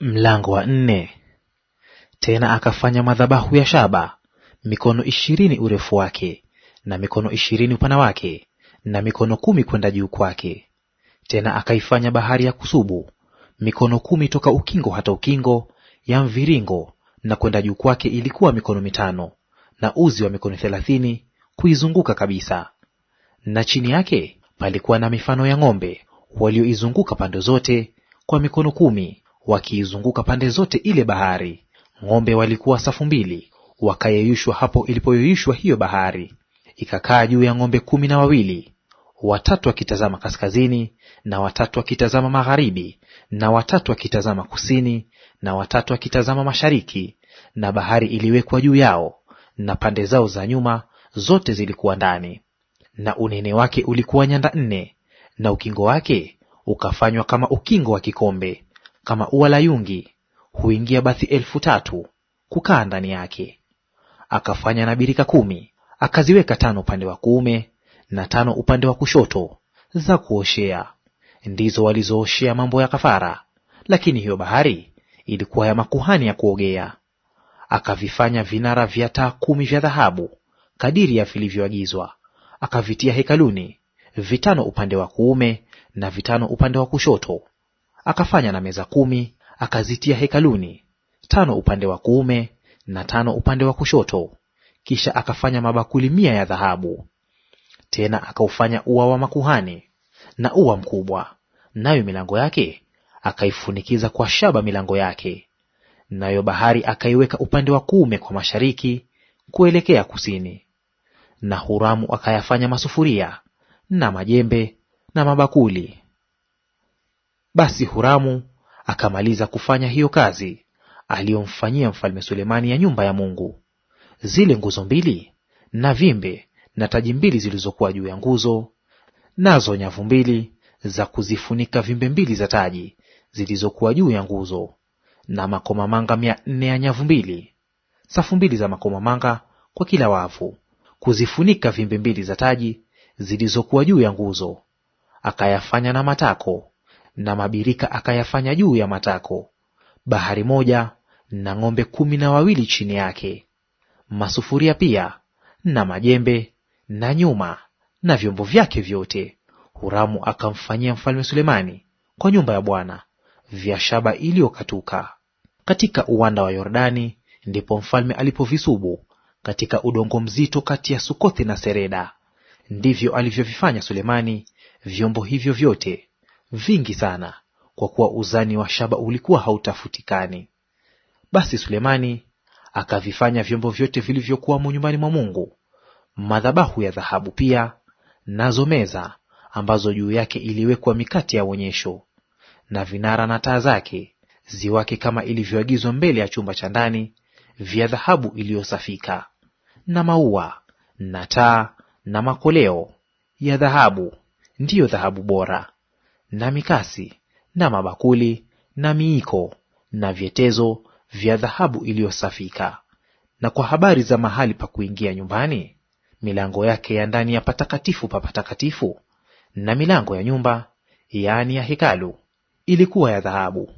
Mlango wa nne. Tena akafanya madhabahu ya shaba mikono ishirini urefu wake na mikono ishirini upana wake na mikono kumi kwenda juu kwake. Tena akaifanya bahari ya kusubu mikono kumi toka ukingo hata ukingo, ya mviringo na kwenda juu kwake ilikuwa mikono mitano, na uzi wa mikono thelathini kuizunguka kabisa. Na chini yake palikuwa na mifano ya ng'ombe walioizunguka pande zote kwa mikono kumi wakiizunguka pande zote ile bahari. Ng'ombe walikuwa safu mbili, wakayeyushwa hapo ilipoyeyushwa hiyo bahari. Ikakaa juu ya ng'ombe kumi na wawili, watatu wakitazama kaskazini, na watatu wakitazama magharibi, na watatu wakitazama kusini, na watatu wakitazama mashariki. Na bahari iliwekwa juu yao, na pande zao za nyuma zote zilikuwa ndani. Na unene wake ulikuwa nyanda nne, na ukingo wake ukafanywa kama ukingo wa kikombe. Kama ua la yungi huingia basi elfu tatu kukaa ndani yake. Akafanya na birika kumi, akaziweka tano upande wa kuume na tano upande wa kushoto za kuoshea; ndizo walizooshea mambo ya kafara, lakini hiyo bahari ilikuwa ya makuhani ya kuogea. Akavifanya vinara vya taa kumi vya dhahabu kadiri ya vilivyoagizwa, akavitia hekaluni, vitano upande wa kuume na vitano upande wa kushoto Akafanya na meza kumi, akazitia hekaluni, tano upande wa kuume na tano upande wa kushoto. Kisha akafanya mabakuli mia ya dhahabu. Tena akaufanya ua wa makuhani na ua mkubwa, nayo milango yake akaifunikiza kwa shaba milango yake. Nayo bahari akaiweka upande wa kuume kwa mashariki kuelekea kusini. Na Huramu akayafanya masufuria na majembe na mabakuli basi Huramu akamaliza kufanya hiyo kazi aliyomfanyia mfalme Sulemani ya nyumba ya Mungu. Zile nguzo mbili na vimbe na taji mbili zilizokuwa juu ya nguzo, nazo nyavu mbili za kuzifunika vimbe mbili za taji zilizokuwa juu ya nguzo, na makomamanga mia nne ya nyavu mbili, safu mbili za makomamanga kwa kila wavu, kuzifunika vimbe mbili za taji zilizokuwa juu ya nguzo. Akayafanya na matako na mabirika akayafanya juu ya matako, bahari moja na ng'ombe kumi na wawili chini yake, masufuria pia na majembe na nyuma na vyombo vyake vyote. Huramu akamfanyia mfalme Sulemani kwa nyumba ya Bwana vya shaba iliyokatuka. Katika uwanda wa Yordani ndipo mfalme alipovisubu katika udongo mzito kati ya Sukothi na Sereda. Ndivyo alivyovifanya Sulemani vyombo hivyo vyote vingi sana, kwa kuwa uzani wa shaba ulikuwa hautafutikani. Basi Sulemani akavifanya vyombo vyote vilivyokuwamo nyumbani mwa Mungu, madhabahu ya dhahabu pia, nazo meza ambazo juu yake iliwekwa mikate ya uonyesho, na vinara na taa zake ziwake kama ilivyoagizwa mbele ya chumba cha ndani, vya dhahabu iliyosafika, na maua na taa na makoleo ya dhahabu, ndiyo dhahabu bora na mikasi na mabakuli na miiko na vyetezo vya dhahabu iliyosafika. Na kwa habari za mahali pa kuingia nyumbani, milango yake ya ndani ya patakatifu pa patakatifu na milango ya nyumba, yaani ya hekalu, ilikuwa ya dhahabu.